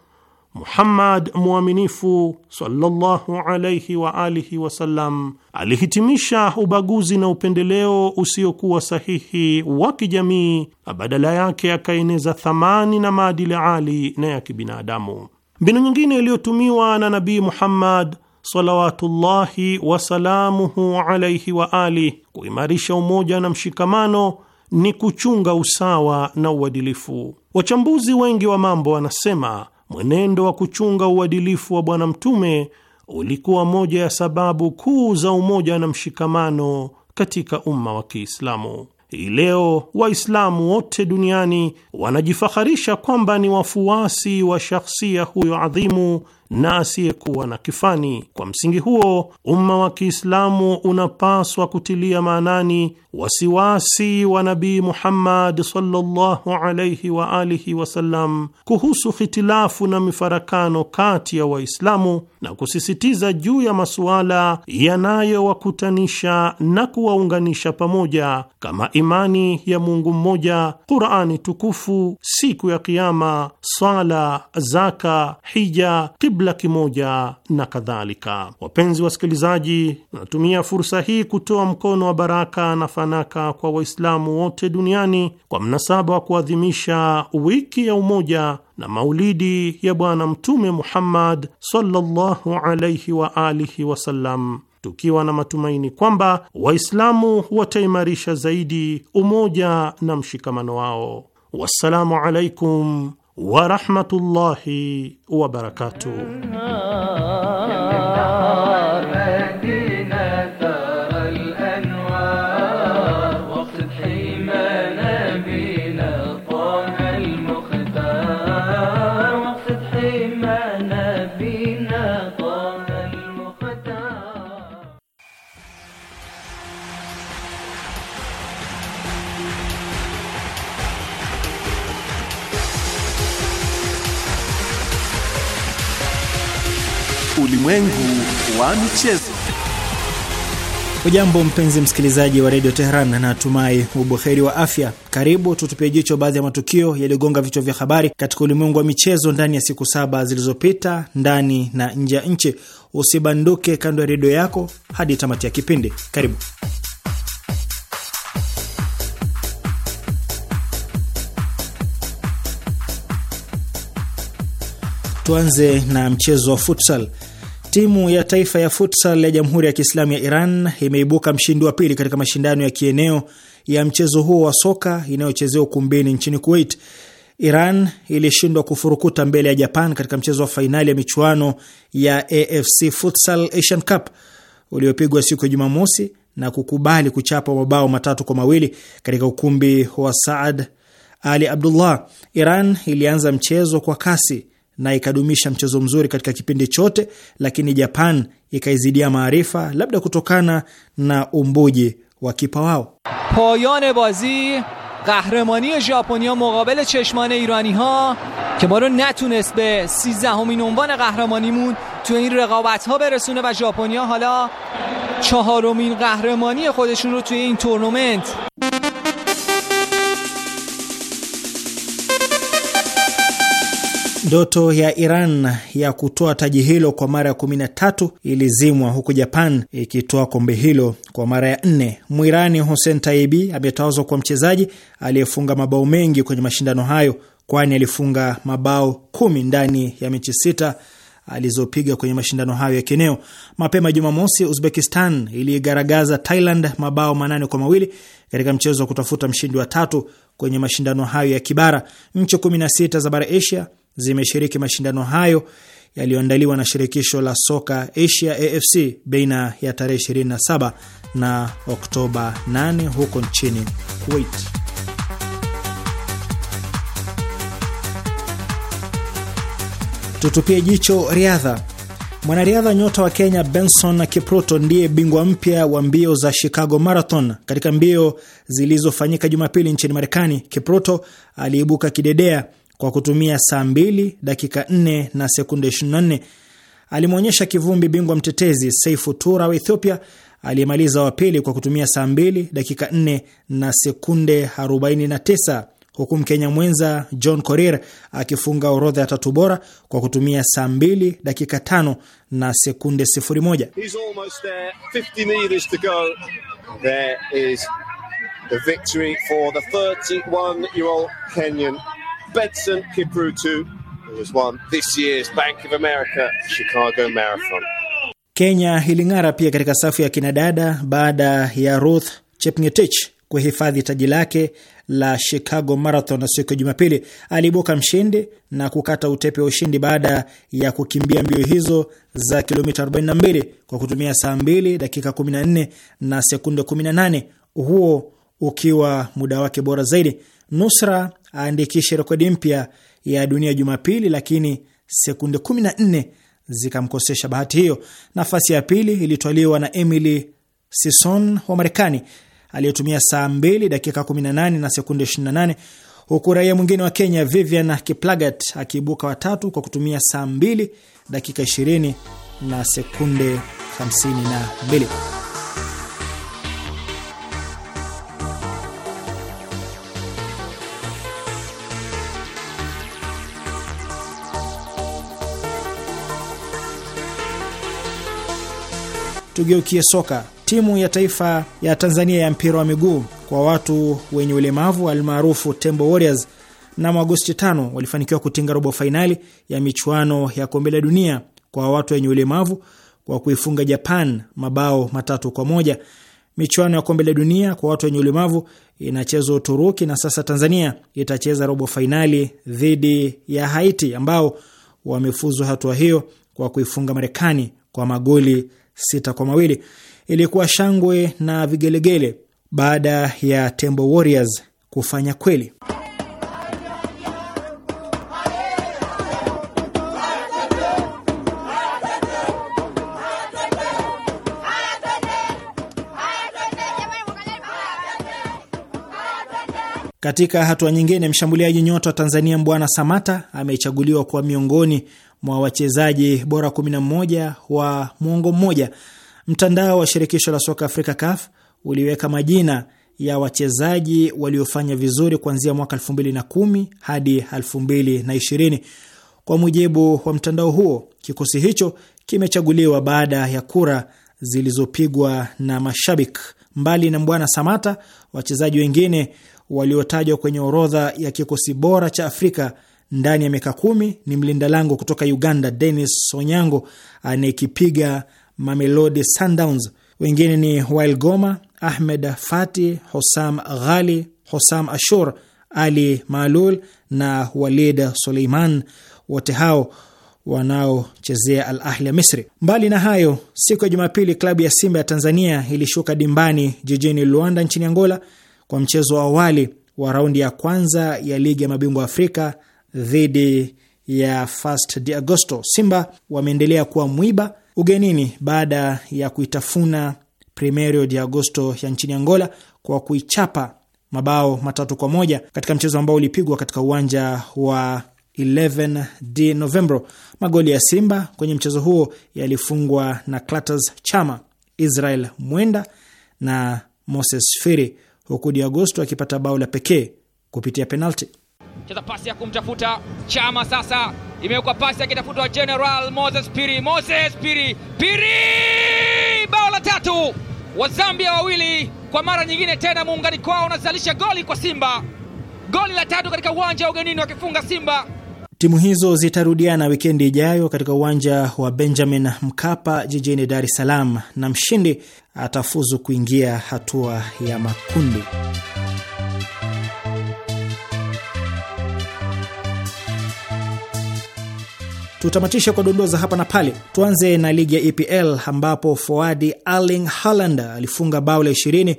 Muhammad mwaminifu sallallahu alayhi wa alihi wasallam alihitimisha ubaguzi na upendeleo usiokuwa sahihi wa kijamii na badala yake akaeneza thamani na maadili ali na ya kibinadamu. Mbinu nyingine iliyotumiwa na Nabii Muhammad salawatullahi wasalamuhu alayhi wa ali kuimarisha umoja na mshikamano ni kuchunga usawa na uadilifu. Wachambuzi wengi wa mambo wanasema Mwenendo wa kuchunga uadilifu wa Bwana Mtume ulikuwa moja ya sababu kuu za umoja na mshikamano katika umma wa Kiislamu. Hii leo Waislamu wote duniani wanajifaharisha kwamba ni wafuasi wa shakhsia huyo adhimu na asiyekuwa na kifani. Kwa msingi huo, umma wa Kiislamu unapaswa kutilia maanani wasiwasi wa Nabii Muhammad sallallahu alayhi wa alihi wasallam kuhusu hitilafu na mifarakano kati ya Waislamu na kusisitiza juu ya masuala yanayowakutanisha na kuwaunganisha pamoja kama imani ya Mungu mmoja, Qur'ani tukufu, siku ya Kiyama, sala, zaka, hija, qibla laki moja na kadhalika. Wapenzi wasikilizaji, natumia fursa hii kutoa mkono wa baraka na fanaka kwa Waislamu wote duniani kwa mnasaba wa kuadhimisha wiki ya umoja na maulidi ya Bwana Mtume Muhammad sallallahu alaihi wa alihi wasallam tukiwa na matumaini kwamba Waislamu wataimarisha zaidi umoja na mshikamano wao. Wassalamu alaikum ورحمه الله وبركاته آه. Ulimwengu wa michezo. Ujambo mpenzi msikilizaji wa redio Teheran, natumai ubuheri wa afya. Karibu tutupie jicho baadhi ya matukio yaliyogonga vichwa vya habari katika ulimwengu wa michezo ndani ya siku saba zilizopita, ndani na nje ya nchi. Usibanduke kando ya redio yako hadi tamati ya kipindi. Karibu. Tuanze na mchezo wa futsal. Timu ya taifa ya futsal ya Jamhuri ya Kiislamu ya Iran imeibuka mshindi wa pili katika mashindano ya kieneo ya mchezo huo wa soka inayochezewa ukumbini nchini Kuwait. Iran ilishindwa kufurukuta mbele ya Japan katika mchezo wa fainali ya michuano ya AFC Futsal Asian Cup uliopigwa siku ya Jumamosi na kukubali kuchapa mabao matatu kwa mawili katika ukumbi wa Saad Ali Abdullah. Iran ilianza mchezo kwa kasi نه ای که هم چیزو مزوری که که چوت که پنده چوته لکنی جاپن ای که ای زیدی همه عریفه دا کتو کنه نه پایان بازی قهرمانی جاپنی ها مقابل چشمان ایرانی ها که ما رو نتونست به سیزه عنوان اونوان قهرمانی مون توی این رقابت ها برسونه و ژاپنیا ها حالا چهارمین قهرمانی خودشون رو توی این تورنومنت Ndoto ya Iran ya kutoa taji hilo kwa mara ya tatu ilizimwa huku Japan ikitoa kombe hilo kwa mara ya nne. Mwirani Hussein Taibi ametawazwa kwa mchezaji aliyefunga mabao mengi kwenye mashindano hayo, kwani alifunga mabao kumi ndani ya mechi sita alizopiga kwenye mashindano hayo ya kieneo. Mapema Jumamosi, Uzbekistan iliigaragaza Thailand mabao manane kwa mawili katika mchezo wa kutafuta mshindi wa tatu kwenye mashindano hayo ya kibara. Nchi sita za bara Asia zimeshiriki mashindano hayo yaliyoandaliwa na shirikisho la soka Asia AFC baina ya tarehe 27 na Oktoba 8 huko nchini Kuwait. Tutupie jicho riadha. Mwanariadha nyota wa Kenya Benson Kipruto ndiye bingwa mpya wa mbio za Chicago Marathon. Katika mbio zilizofanyika Jumapili nchini Marekani, Kipruto aliibuka kidedea kwa kutumia saa 2 dakika 4 na sekunde 24 alimwonyesha kivumbi bingwa mtetezi Seifu Tura wa Ethiopia aliyemaliza wa pili kwa kutumia saa 2 dakika 4 na sekunde 49 huku Mkenya mwenza John Korir akifunga orodha ya tatu bora kwa kutumia saa 2 dakika 5 na sekunde 01. the victory for the 31-year-old Kenyan Benson Kiprutu, who has won this year's Bank of America Chicago Marathon. Kenya iling'ara pia katika safu ya kinadada baada ya Ruth Chepngetich kuhifadhi taji lake la Chicago Marathon na siku ya Jumapili aliibuka mshindi na kukata utepe wa ushindi baada ya kukimbia mbio hizo za kilomita 42 kwa kutumia saa 2 dakika 14 na sekunde 18, huo ukiwa muda wake bora zaidi. Nusra aandikishe rekodi mpya ya dunia Jumapili, lakini sekunde 14 zikamkosesha bahati hiyo. Nafasi ya pili ilitwaliwa na Emily Sison wa Marekani aliyetumia saa 2 dakika 18 na sekunde 28 huku raia mwingine wa Kenya Vivian Kiplagat akiibuka watatu kwa kutumia saa 2 dakika 20 na sekunde 52. Tugeukie soka. Timu ya taifa ya Tanzania ya mpira wa miguu kwa watu wenye ulemavu almaarufu Tembo Warriors mnamo Agosti 5 walifanikiwa kutinga robo fainali ya michuano ya kombe la dunia kwa watu wenye ulemavu kwa kuifunga Japan mabao matatu kwa moja. Michuano ya kombe la dunia kwa watu wenye ulemavu inachezwa Uturuki, na sasa Tanzania itacheza robo fainali dhidi ya Haiti ambao wamefuzwa hatua hiyo kwa kuifunga Marekani kwa magoli sita kwa mawili. Ilikuwa shangwe na vigelegele baada ya Tembo Warriors kufanya kweli. Katika hatua nyingine, mshambuliaji nyota wa Tanzania Mbwana Samata amechaguliwa kuwa miongoni mwa wachezaji bora 11 wa mwongo mmoja. Mtandao wa shirikisho la soka Afrika CAF uliweka majina ya wachezaji waliofanya vizuri kuanzia mwaka 2010 hadi 2020. Kwa mujibu wa mtandao huo, kikosi hicho kimechaguliwa baada ya kura zilizopigwa na mashabiki. Mbali na Mbwana Samata, wachezaji wengine waliotajwa kwenye orodha ya kikosi bora cha Afrika ndani ya miaka kumi ni mlinda lango kutoka Uganda, Denis Onyango anayekipiga Mamelodi Sundowns. Wengine ni wail Goma, Ahmed Fati, Hosam Ghali, Hosam Ashur, Ali Malul na Walid Suleiman, wote hao wanaochezea Al Ahli ya Misri. Mbali na hayo, siku ya Jumapili klabu ya Simba ya Tanzania ilishuka dimbani jijini Luanda nchini Angola kwa mchezo wa awali wa raundi ya kwanza ya ligi ya mabingwa Afrika dhidi ya First de Agosto. Simba wameendelea kuwa mwiba ugenini baada ya kuitafuna Primero de Agosto ya nchini Angola kwa kuichapa mabao matatu kwa moja katika mchezo ambao ulipigwa katika uwanja wa 11 de Novembro. Magoli ya Simba kwenye mchezo huo yalifungwa na Clatous Chama, Israel Mwenda na Moses Firi, huku de Agosto akipata bao la pekee kupitia penalti cheza pasi ya kumtafuta Chama, sasa imewekwa pasi akitafutwa General Moses Piri, Moses Piri, Piri! Bao la tatu, Wazambia wawili kwa mara nyingine tena muungani kwao unazalisha goli kwa Simba, goli la tatu katika uwanja wa ugenini wakifunga Simba. Timu hizo zitarudiana wikendi ijayo katika uwanja wa Benjamin Mkapa jijini Dar es Salaam, na mshindi atafuzu kuingia hatua ya makundi. Tutamatishe kwa za hapa na pale. Tuanze na ligi ya EPL ambapo foadi Erling Haaland alifunga bao la 20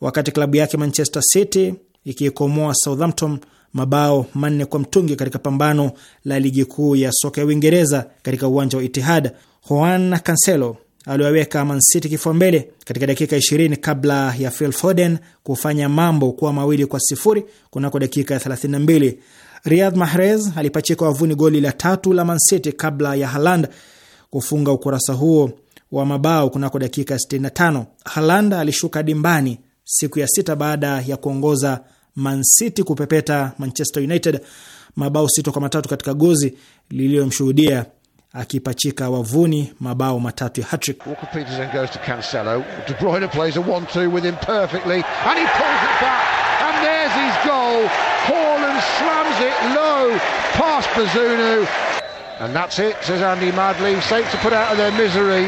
wakati klabu yake Manchester City ikiikomoa Southampton mabao manne kwa mtungi katika pambano la ligi kuu ya soka ya Uingereza katika uwanja wa Itihad. Juan Cancelo aliwaweka Man City kifua mbele katika dakika 20 kabla ya Phil Foden kufanya mambo kuwa mawili kwa sifuri kunako dakika ya 32. Riyad Mahrez alipachika wavuni goli la tatu la Man City kabla ya haland kufunga ukurasa huo wa mabao kunako dakika 65. haland alishuka dimbani siku ya sita baada ya kuongoza Man City kupepeta Manchester United mabao sita kwa matatu katika gozi lililomshuhudia akipachika wavuni mabao matatu ya hattrick and slams it low past Bazunu. And that's it, says Andy Madley. Saints to put out of their misery.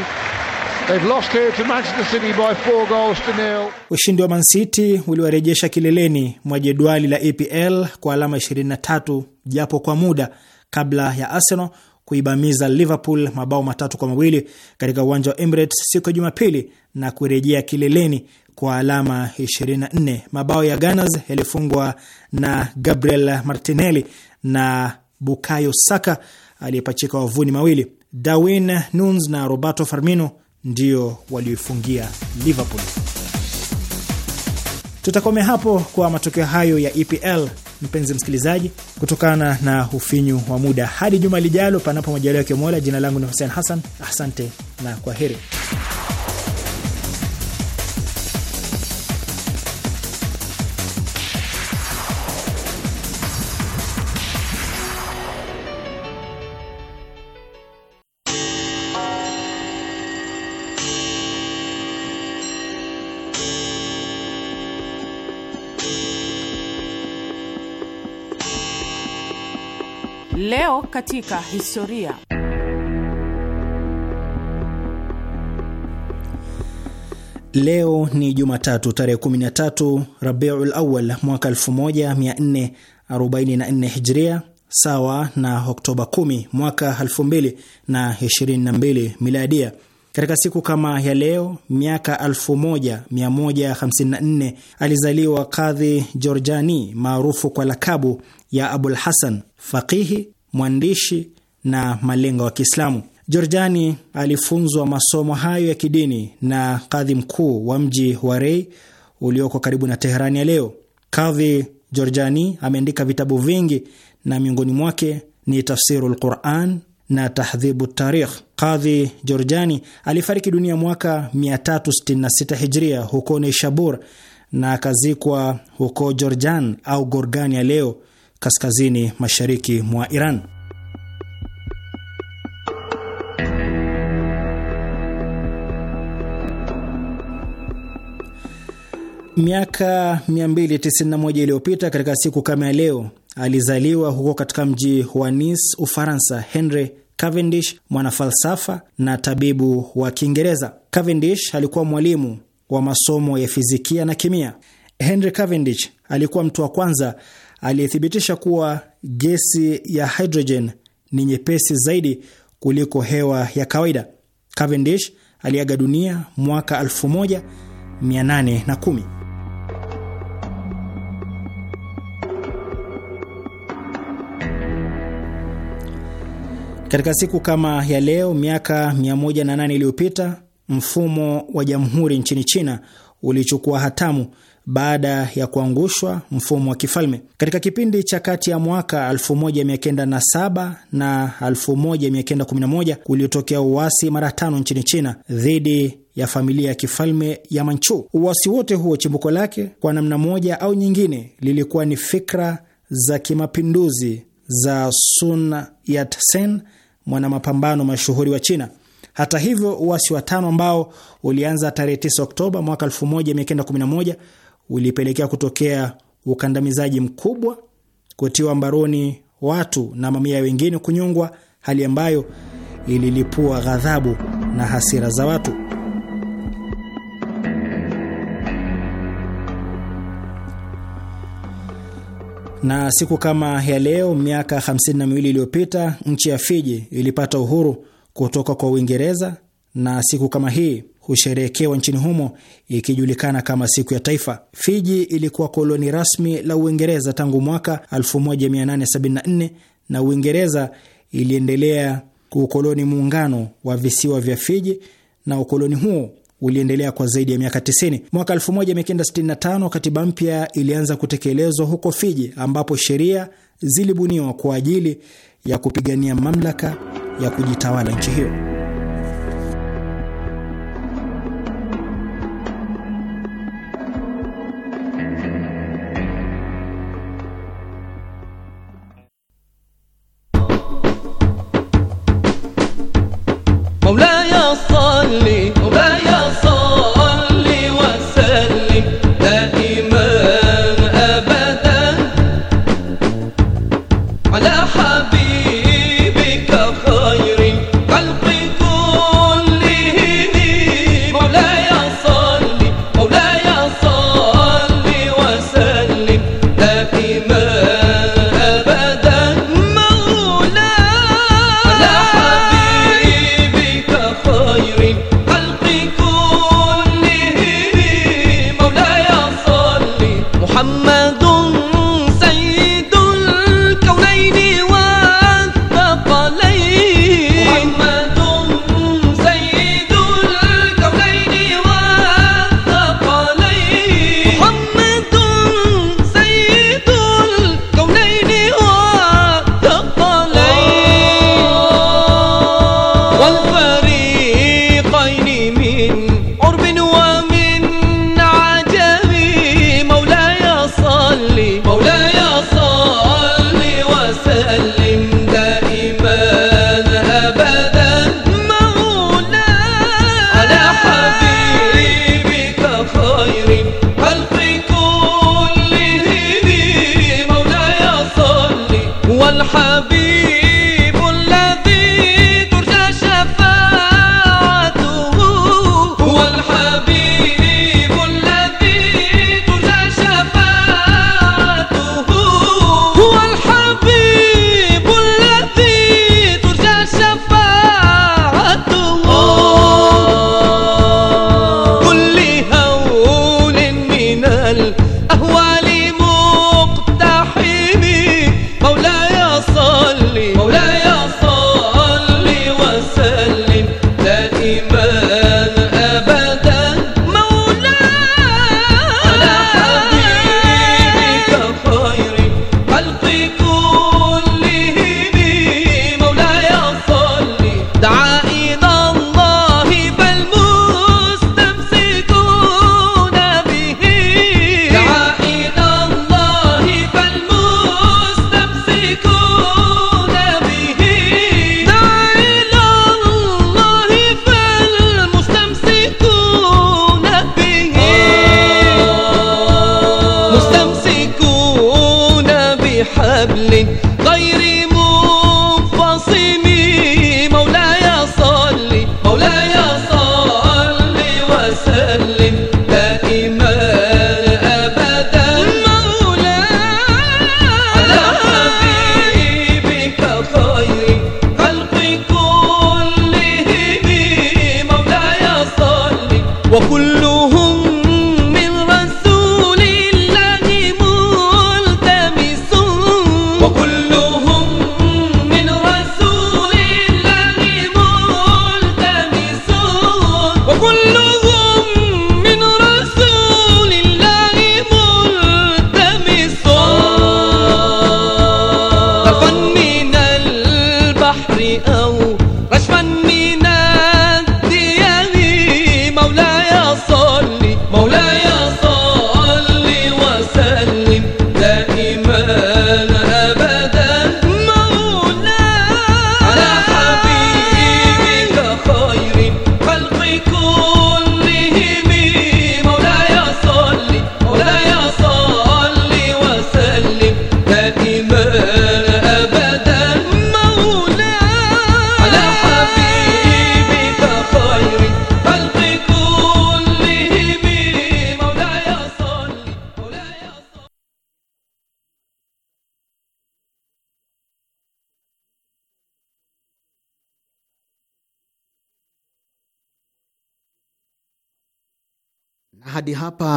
They've lost here to Manchester City by four goals to nil. Ushindi wa Man City uliwarejesha kileleni mwa jedwali la EPL kwa alama 23 japo kwa muda kabla ya Arsenal kuibamiza Liverpool mabao matatu kwa mawili katika uwanja wa Emirates siku ya Jumapili na kurejea kileleni kwa alama 24. Mabao ya Gunners yalifungwa na Gabriel Martinelli na Bukayo Saka aliyepachika wavuni mawili. Darwin Nunes na Roberto Firmino ndio walioifungia Liverpool. Tutakomea hapo kwa matokeo hayo ya EPL, mpenzi msikilizaji, kutokana na ufinyu wa muda. Hadi juma lijalo, panapo majaliwa ya Mola. Jina langu ni Hussein Hassan, asante na kwa heri. Leo katika historia. Leo ni Jumatatu tarehe 13 Rabiul Awal mwaka 1444 Hijria, sawa na Oktoba 10 mwaka 2022 Miladia. Katika siku kama ya leo miaka 1154 alizaliwa Kadhi Jorjani maarufu kwa lakabu ya Abul Hasan, faqihi mwandishi na malenga wa Kiislamu. Jorjani alifunzwa masomo hayo ya kidini na kadhi mkuu wa mji wa Rei ulioko karibu na Teherani ya leo. Kadhi Jorjani ameandika vitabu vingi na miongoni mwake ni Tafsiru lQuran na Tahdhibu Tarikh. Kadhi Jorjani alifariki dunia mwaka 366 Hijria huko Neishabur na akazikwa huko Jorjan au Gorgani ya leo kaskazini mashariki mwa Iran. Miaka 291 iliyopita katika siku kama ya leo alizaliwa huko katika mji wa Nice, Ufaransa, Henry Cavendish, mwanafalsafa na tabibu wa Kiingereza. Cavendish alikuwa mwalimu wa masomo ya fizikia na kimia. Henry Cavendish alikuwa mtu wa kwanza aliyethibitisha kuwa gesi ya hydrogen ni nyepesi zaidi kuliko hewa ya kawaida. Cavendish aliaga dunia mwaka 1810. Katika siku kama ya leo miaka 108 iliyopita mfumo wa jamhuri nchini China ulichukua hatamu baada ya kuangushwa mfumo wa kifalme. Katika kipindi cha kati ya mwaka 1907 na 1911 kuliotokea uasi mara tano nchini China dhidi ya familia ya kifalme ya Manchu. Uasi wote huo chimbuko lake kwa namna moja au nyingine lilikuwa ni fikra za kimapinduzi za Sun Yat-sen, mwanamapambano mashuhuri wa China. Hata hivyo, uasi wa tano ambao ulianza tarehe 9 Oktoba mwaka 1911 ulipelekea kutokea ukandamizaji mkubwa, kutiwa mbaroni watu na mamia wengine kunyongwa, hali ambayo ililipua ghadhabu na hasira za watu. Na siku kama ya leo miaka 52 iliyopita nchi ya Fiji ilipata uhuru kutoka kwa Uingereza, na siku kama hii husherehekewa nchini humo ikijulikana kama siku ya taifa. Fiji ilikuwa koloni rasmi la Uingereza tangu mwaka 1874 na Uingereza iliendelea ukoloni muungano wa visiwa vya Fiji na ukoloni huo uliendelea kwa zaidi ya miaka 90. Mwaka 1965 katiba mpya ilianza kutekelezwa huko Fiji, ambapo sheria zilibuniwa kwa ajili ya kupigania mamlaka ya kujitawala nchi hiyo.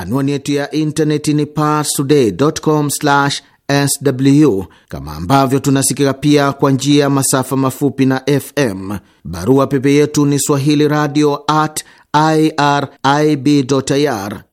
Anwani yetu ya intaneti ni parstoday.com/sw, kama ambavyo tunasikika pia kwa njia ya masafa mafupi na FM. Barua pepe yetu ni swahili radio at irib.ir.